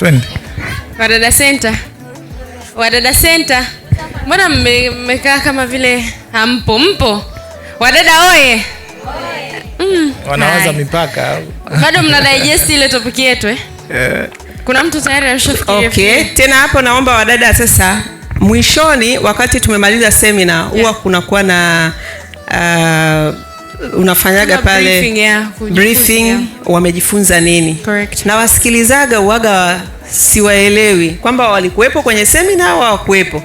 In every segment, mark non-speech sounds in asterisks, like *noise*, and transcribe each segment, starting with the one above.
Twende Wadada Center, Wadada Center, mbona mmekaa kama vile hampo? Mpo wadada oye, mm. Wanawaza mipaka bado mna digest ile topic yetu eh? Yeah. Kuna mtu tayari alishafikiria. Okay, tena hapo naomba wadada sasa mwishoni wakati tumemaliza semina huwa yeah, kunakuwa na uh, unafanyaga pale briefing, yeah, briefing yeah. Wamejifunza nini? Correct. Na wasikilizaga uwaga siwaelewi kwamba walikuwepo kwenye semina au hawakuwepo.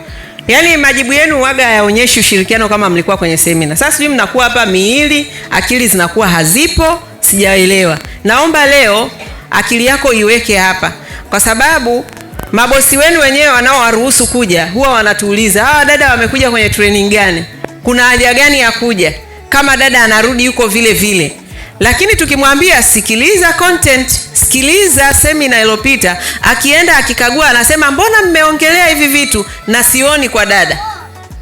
Yaani majibu yenu waga hayaonyeshi ushirikiano kama mlikuwa kwenye semina. Sasa sijui mnakuwa hapa miili, akili zinakuwa hazipo, sijaelewa. Naomba leo akili yako iweke hapa, kwa sababu mabosi wenu wenyewe wanaowaruhusu kuja huwa wanatuuliza hawa ah, dada wamekuja kwenye training gani? Kuna haja gani ya kuja? kama dada anarudi yuko vile vile, lakini tukimwambia sikiliza content, sikiliza semina iliyopita, akienda akikagua, anasema mbona mmeongelea hivi vitu na sioni kwa dada,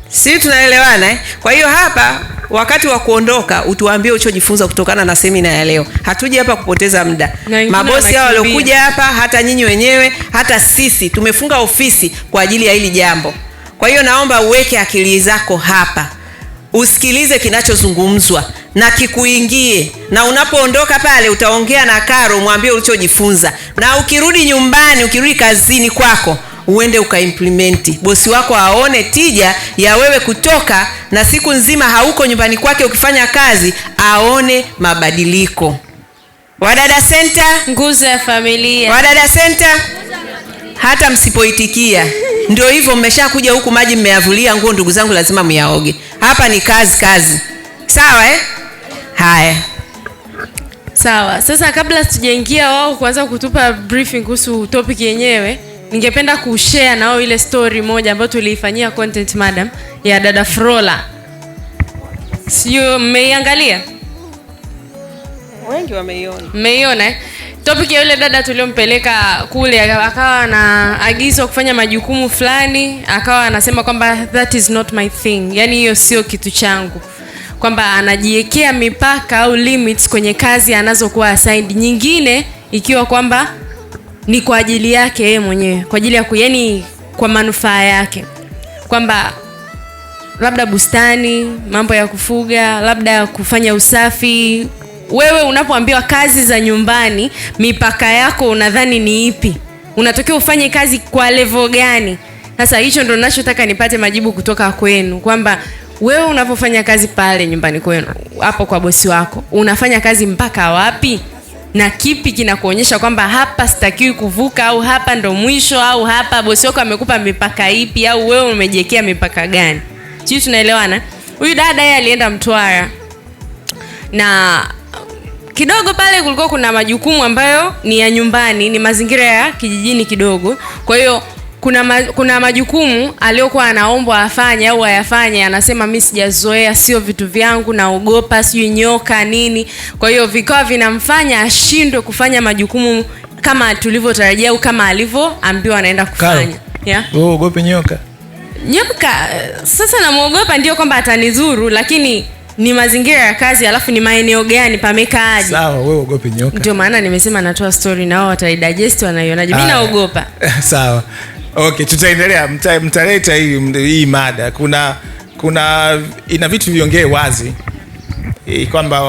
si tunaelewana eh? Kwa hiyo hapa wakati wa kuondoka utuambie uchojifunza kutokana na semina ya leo. Hatuji hapa kupoteza muda. Mabosi hao waliokuja hapa, hata nyinyi wenyewe, hata sisi tumefunga ofisi kwa ajili ya hili jambo. Kwa hiyo naomba uweke akili zako hapa usikilize kinachozungumzwa na kikuingie, na unapoondoka pale utaongea na Karo, mwambie ulichojifunza, na ukirudi nyumbani, ukirudi kazini kwako uende ukaimplimenti, bosi wako aone tija ya wewe kutoka na siku nzima hauko nyumbani kwake ukifanya kazi, aone mabadiliko. Wadada Senta, nguzo ya familia. Wadada Senta hata msipoitikia ndio hivyo, mmeshakuja huku, maji mmeyavulia nguo. Ndugu zangu, lazima myaoge. Hapa ni kazi kazi, sawa eh? Haya, sawa. Sasa kabla sijaingia wao kuanza kutupa briefing kuhusu topic yenyewe, ningependa kushare nao ile story moja ambayo tuliifanyia content madam ya dada Frola, sio? Mmeiangalia? Wengi wameiona, mmeiona eh? topic ya yule dada tuliompeleka kule akawa anaagizwa kufanya majukumu fulani, akawa anasema kwamba that is not my thing, yani hiyo sio kitu changu, kwamba anajiwekea mipaka au limits kwenye kazi anazokuwa assigned, nyingine ikiwa kwamba ni kwa ajili yake yeye mwenyewe, kwa ajili ya yaani kwa manufaa yake, kwamba labda bustani, mambo ya kufuga, labda kufanya usafi wewe unapoambiwa kazi za nyumbani, mipaka yako unadhani ni ipi? unatokea ufanye kazi kwa levo gani? Sasa hicho ndo ninachotaka nipate majibu kutoka kwenu kwamba wewe unapofanya kazi pale nyumbani kwenu, hapo kwa bosi wako, unafanya kazi mpaka wapi na kipi kinakuonyesha kwamba hapa sitakiwi kuvuka, au hapa ndo mwisho, au hapa bosi wako amekupa mipaka ipi, au wewe umejiwekea mipaka gani? Sijui tunaelewana. Huyu dada yeye alienda Mtwara na kidogo pale kulikuwa kuna majukumu ambayo ni ya nyumbani, ni mazingira ya kijijini kidogo, kwa hiyo kuna ma, kuna majukumu aliyokuwa anaombwa afanye au ayafanye, anasema mi sijazoea, sio vitu vyangu, naogopa sijui nyoka nini. Kwa hiyo vikawa vinamfanya ashindwe kufanya majukumu kama tulivyotarajia au kama alivyoambiwa anaenda kufanya. Yeah. Wewe nyoka? Nyoka eh, sasa namwogopa, ndio kwamba atanizuru, lakini ni mazingira ya kazi alafu ni maeneo gani pamekaaje? Sawa, wewe uogopi nyoka. Ndio maana nimesema natoa story na wao wataidigest wanaionaje. Mimi naogopa. *laughs* Sawa. Okay, tutaendelea mtaleta hii hii mada. Kuna kuna ina vitu viongee wazi kwamba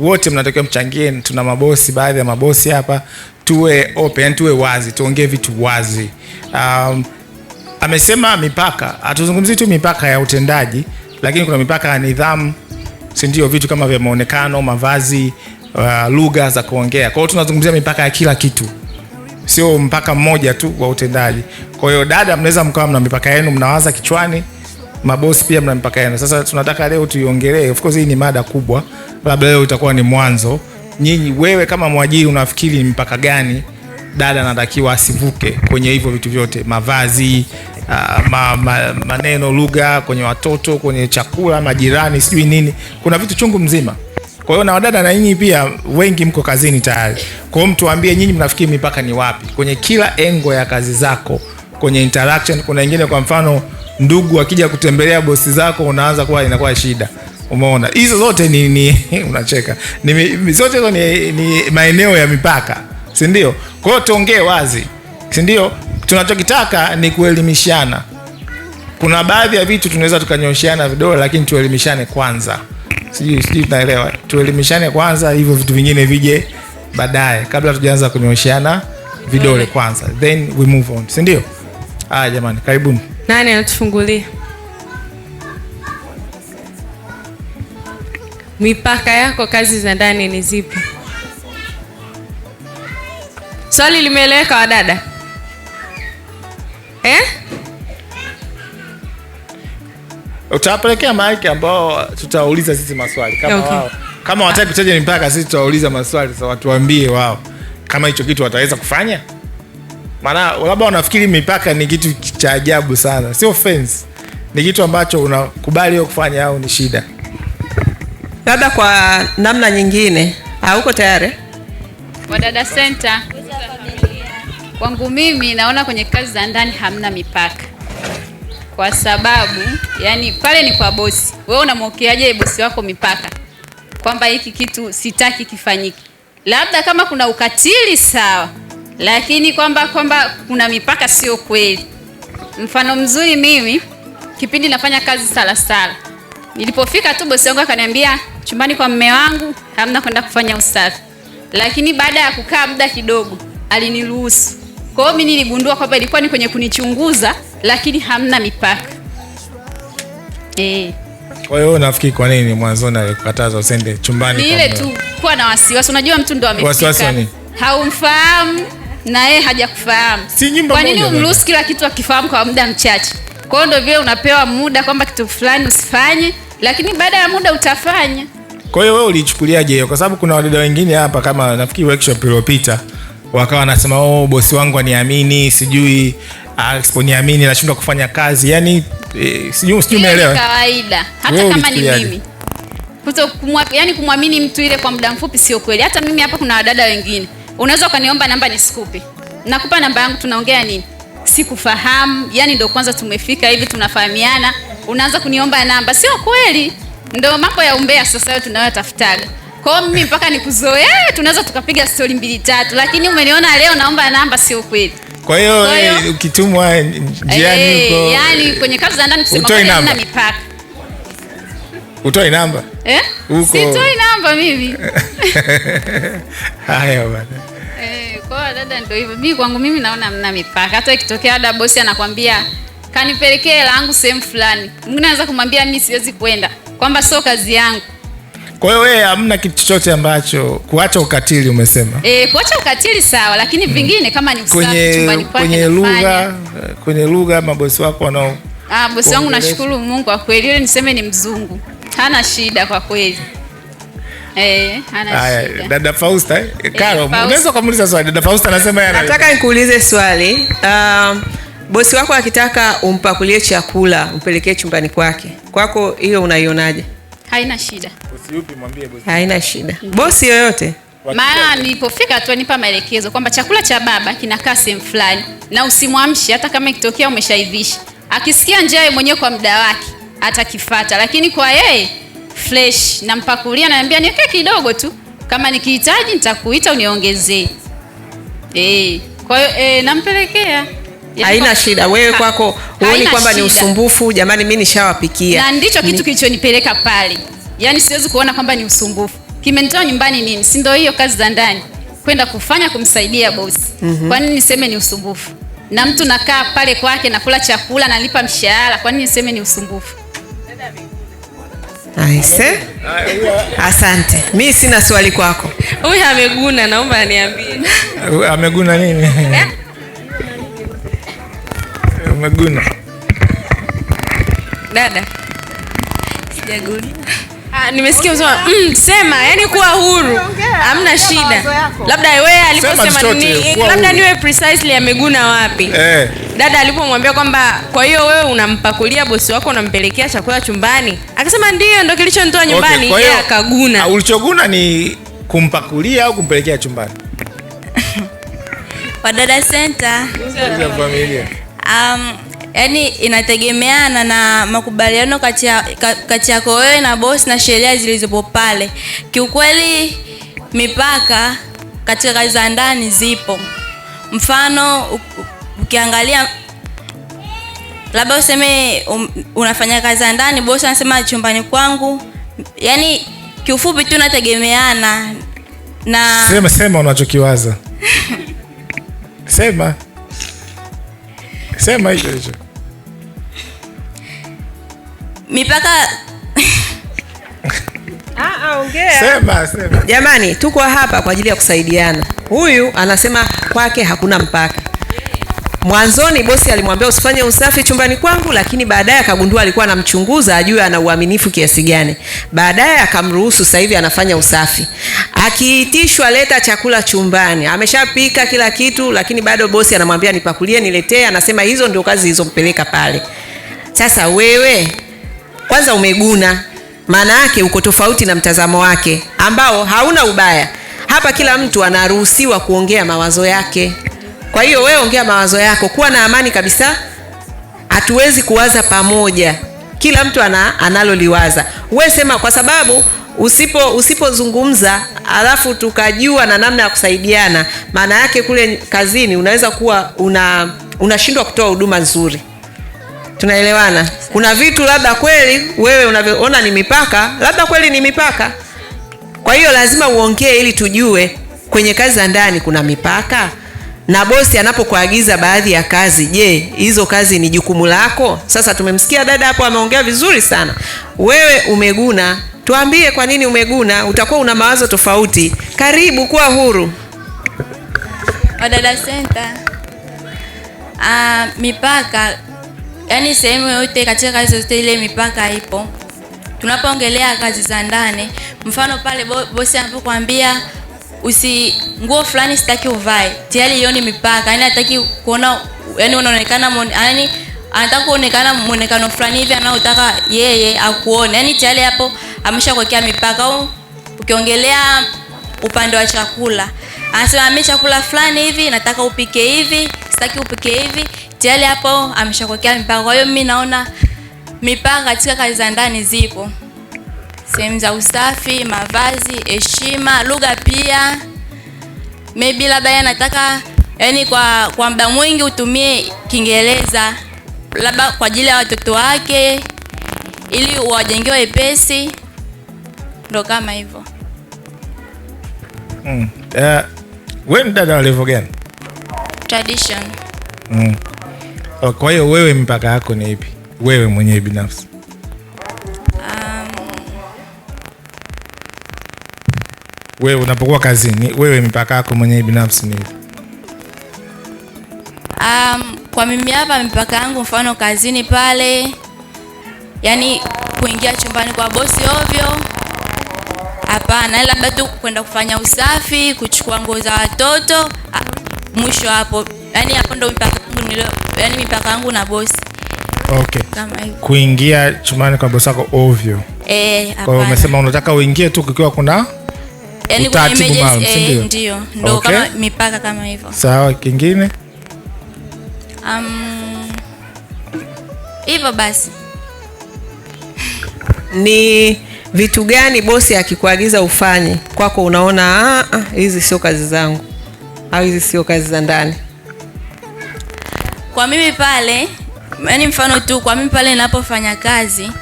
wote mnatakiwa mchangie. Tuna mabosi, baadhi ya mabosi hapa, tuwe open, tuwe wazi, tuongee vitu wazi. Um, amesema mipaka, hatuzungumzi tu mipaka ya utendaji, lakini kuna mipaka ya nidhamu si ndio? Vitu kama vya maonekano, mavazi, uh, lugha za kuongea. Kwa hiyo tunazungumzia mipaka ya kila kitu, sio mpaka mmoja tu wa utendaji. Kwa hiyo dada, mnaweza mkawa mna mipaka yenu, mnawaza kichwani mabosi pia mna mipaka yenu. Sasa tunataka leo tuiongelee. Of course hii ni mada kubwa, labda leo itakuwa ni mwanzo. Nyinyi, wewe kama mwajiri unafikiri mipaka gani dada anatakiwa asivuke kwenye hivyo vitu vyote, mavazi Uh, ma, ma, maneno lugha, kwenye watoto, kwenye chakula, majirani, sijui nini, kuna vitu chungu mzima. Kwa hiyo na wadada na nyinyi pia wengi mko kazini tayari, kwa hiyo mtuambie nyinyi mnafikiri mipaka ni wapi kwenye kila engo ya kazi zako, kwenye interaction. Kuna wengine kwa mfano ndugu akija kutembelea bosi zako, unaanza kuwa inakuwa shida. Umeona hizo zote ni, ni *laughs* unacheka ni, zote ni, ni maeneo ya mipaka si ndio? Kwa hiyo tuongee wazi, si ndio? Tunachokitaka ni kuelimishana. Kuna baadhi ya vitu tunaweza tukanyosheana vidole, lakini tuelimishane kwanza. Sijui sijui tunaelewa, tuelimishane kwanza, hivyo vitu vingine vije baadaye, kabla tujaanza kunyosheana vidole kwanza, then we move on, si ndio? Haya jamani, karibuni. Nani anatufungulia mipaka yako? Kazi za ndani ni zipi? Swali limeeleweka wadada eh? Utawapelekea maiki ambao tutawauliza sisi maswali kama okay. Wao kama wataki kuchaje mipaka, sisi tutawauliza maswali sasa, watuambie wao kama hicho kitu wataweza kufanya, maana labda wanafikiri mipaka ni kitu cha ajabu sana. Sio offense, ni kitu ambacho unakubali wewe kufanya au ni shida. Labda kwa namna nyingine, hauko tayari wadada center Kwangu mimi naona kwenye kazi za ndani hamna mipaka, kwa sababu yani pale ni kwa bosi. Wewe unamwokeaje bosi wako mipaka kwamba hiki kitu sitaki kifanyike? Labda kama kuna ukatili sawa, lakini kwamba kwamba kuna mipaka, sio kweli. Mfano mzuri, mimi kipindi nafanya kazi sala, nilipofika tu bosi wangu akaniambia chumbani kwa mme wangu hamna kwenda kufanya usafi, lakini baada ya kukaa muda kidogo aliniruhusu kwa hiyo mimi niligundua kwamba ilikuwa ni kwenye kunichunguza, lakini hamna mipaka eh. Kwa hiyo nafikiri kwa nini mwanzoni alikataza usende chumbani? Ni ile tu kuwa na wasiwasi, unajua mtu ndo amefika, haumfahamu na yeye hajakufahamu. Kwa nini umruhusu kila kitu akifahamu kwa muda mchache? Kwa hiyo ndo vile unapewa muda kwamba kitu fulani usifanye, lakini baada ya muda utafanya. Kwa hiyo wewe ulichukuliaje hiyo? Kwa sababu kuna wadada wengine hapa, kama nafikiri workshop iliyopita wakawa wanasema oh, bosi wangu aniamini, sijui asiponiamini ah, nashindwa kufanya kazi. Yani e, eh, sijui umeelewa? Kawaida hata kama ni mimi kuto yani kumwamini mtu ile kwa muda mfupi sio kweli. Hata mimi hapa kuna wadada wengine unaweza ukaniomba namba nisikupe, nakupa namba yangu, tunaongea nini? Sikufahamu, yani ndo kwanza tumefika hivi tunafahamiana, unaanza kuniomba namba, sio kweli. Ndo mambo ya umbea sasa tunayoyatafutaga. Kwa mimi mpaka nikuzoee, tunaweza tukapiga stori mbili tatu, lakini umeniona leo naomba namba, sio kweli Kwa hiyo eh, ukitumwa eh, njiani eh, huko, yani kwenye kazi za ndani kusema mipaka. Utoi namba? Eh? Uko. Sitoi namba mimi. *laughs* Haya bana Eh, dada ndo hivyo. Mimi kwangu mimi naona mna mipaka. Hata ikitokea dada bosi anakwambia kanipelekee langu sehemu fulani. Mwingine anaweza kumwambia mimi siwezi kwenda, kwamba sio kazi yangu. Kwa hiyo wewe hamna kitu chochote ambacho kuacha ukatili umesema. E, kuacha ukatili sawa, lakini mm. vingine mm. kama ni usafi kwenye, kwako. Kwenye lugha, kwenye lugha mabosi wako wanao. Ah, bosi wangu nashukuru Mungu kwa kweli. Yule niseme ni mzungu. Hana shida kwa kweli. Eh, ana shida. Dada Fausta, eh, Karo, eh, unaweza kumuuliza swali. Dada Fausta anasema yeye. Nataka nikuulize swali. Um, bosi wako akitaka umpakulie chakula, umpelekee chumbani kwake. Kwako hiyo unaionaje? Haina shida yupi mwambie bosi. Haina shida. Bosi yoyote maana nilipofika tu nipa maelekezo kwamba chakula cha baba kinakaa sehemu fulani na usimwamshi, hata kama ikitokea umeshaivisha, akisikia njaa mwenyewe kwa muda wake atakifata, lakini kwa yeye fresh, nampakulia, niambia niweke kidogo tu, kama nikihitaji nitakuita uniongezee. Eh, kwa hiyo eh, nampelekea yaani haina shida. Wewe kwako huoni kwamba ni usumbufu? Jamani, mimi nishawapikia, na ndicho kitu kilichonipeleka pale. Yaani siwezi kuona kwamba ni usumbufu. Kimenitoa nyumbani nini? Si ndio hiyo kazi za ndani kwenda kufanya kumsaidia bosi. Mm -hmm. Kwa nini niseme ni usumbufu? Na mtu nakaa pale kwake nakula chakula nalipa mshahara, kwa nini niseme ni usumbufu? Aise. Asante. Mi sina swali kwako. Huyu ameguna, naomba aniambie. Ameguna nini? Eh? Ameguna. Dada. Sijaguna nimesikia msema mm, sema yani kuwa huru hamna shida, labda wewe aliposema ni labda niwe precisely ameguna wapi eh. Dada alipomwambia kwamba kwa hiyo wewe unampakulia bosi wako unampelekea chakula chumbani, akasema ndio ndo kilichonitoa nyumbani. Okay, yeye akaguna. Ulichoguna ni kumpakulia au kumpelekea chumbani? *laughs* Wadada Center. Um, yani inategemeana na makubaliano kati yako wewe na bosi na sheria zilizopo pale. Kiukweli mipaka katika kazi za ndani zipo, mfano ukiangalia labda useme um, unafanya kazi za ndani, bosi anasema chumbani kwangu. Yani kiufupi tu nategemeana na sema, sema unachokiwaza *laughs* sema sema hicho hicho mipaka *laughs* ah, ah, Sema, sema. Jamani, tuko hapa kwa ajili ya kusaidiana. Huyu anasema kwake hakuna mpaka. Mwanzoni bosi alimwambia usifanye usafi chumbani kwangu, lakini baadaye akagundua alikuwa anamchunguza ajue ana uaminifu kiasi gani. Baadaye akamruhusu, sasa hivi anafanya usafi. Akiitishwa leta chakula chumbani, ameshapika kila kitu, lakini bado bosi anamwambia nipakulie, niletee, anasema hizo ndio kazi zilizompeleka pale. Sasa wewe kwanza umeguna, maana yake uko tofauti na mtazamo wake ambao hauna ubaya. Hapa kila mtu anaruhusiwa kuongea mawazo yake. Kwa hiyo wewe ongea mawazo yako, kuwa na amani kabisa. Hatuwezi kuwaza pamoja, kila mtu ana analoliwaza. Wewe sema, kwa sababu usipo usipozungumza alafu tukajua na namna ya kusaidiana, maana yake kule kazini unaweza kuwa una unashindwa kutoa huduma nzuri tunaelewana. Kuna vitu labda kweli wewe unavyoona ni mipaka, labda kweli ni mipaka. Kwa hiyo lazima uongee ili tujue kwenye kazi za ndani kuna mipaka, na bosi anapokuagiza baadhi ya kazi, je, hizo kazi ni jukumu lako? Sasa tumemsikia dada hapo ameongea vizuri sana. Wewe umeguna, tuambie kwa nini umeguna. Utakuwa una mawazo tofauti. Karibu, kuwa huru. Wadada senta Uh, mipaka yaani sehemu yote katika kazi zote ile mipaka ipo. Tunapoongelea kazi za ndani, mfano pale bosi anapokuambia usi nguo fulani sitaki uvae, tayari hiyo ni mipaka. Yaani hataki kuona, yaani unaonekana, yaani anataka kuonekana muonekano fulani hivi anaotaka yeye akuone. Yaani tayari hapo ameshakuwekea mipaka. Au ukiongelea upande wa chakula, anasema mimi chakula fulani hivi nataka upike hivi, sitaki upike hivi tayari hapo ameshakokea mipaka Kwa hiyo mimi naona mipaka katika kazi za ndani zipo sehemu za usafi, mavazi, heshima, lugha pia. Maybe labda yeye anataka yani, kwa kwa muda mwingi utumie Kiingereza labda kwa ajili ya watoto wake, ili wajengewe wepesi, ndo kama hivyo. Mm. Uh, eh, when dada wa gani? Tradition. Mm. Uh, kwa hiyo wewe mipaka yako ni ipi, wewe mwenyewe binafsi? Um, wewe unapokuwa kazini, wewe mipaka yako mwenyewe binafsi ni ipi? Um, kwa mimi hapa mipaka yangu mfano kazini pale, yani kuingia chumbani kwa bosi ovyo, hapana, labda tu kwenda kufanya usafi, kuchukua nguo za watoto, mwisho hapo. Yani hapo ndo mipaka yani mipaka yangu na bosi. Okay. Kama hivyo. Kuingia chumani kwa bosi wako ovyo. Eh, kwa hiyo umesema unataka uingie tu kukiwa kuna yani kuna emergency eh, ndio. Ndio okay. Kama mipaka kama hivyo. Sawa, kingine? Um, hivyo basi. Ni vitu gani bosi akikuagiza ufanye kwako unaona ah, ah, hizi sio kazi zangu au hizi sio kazi za ndani? Kwa mimi pale, yani mfano tu kwa mimi pale ninapofanya kazi,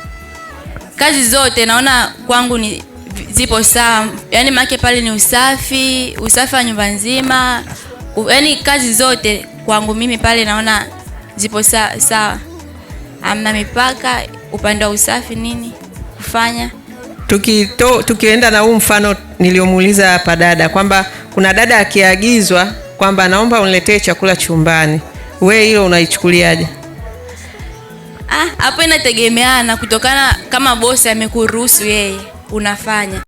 kazi zote naona kwangu ni zipo sawa, yani make pale ni usafi, usafi wa nyumba nzima, yani kazi zote kwangu mimi pale naona zipo sawa sawa, amna mipaka upande wa usafi nini kufanya. Tukito, tukienda na huu mfano niliomuuliza hapa dada kwamba kuna dada akiagizwa kwamba naomba uniletee chakula chumbani, We hilo unaichukuliaje? Ah, hapo inategemeana kutokana kama bosi amekuruhusu yeye unafanya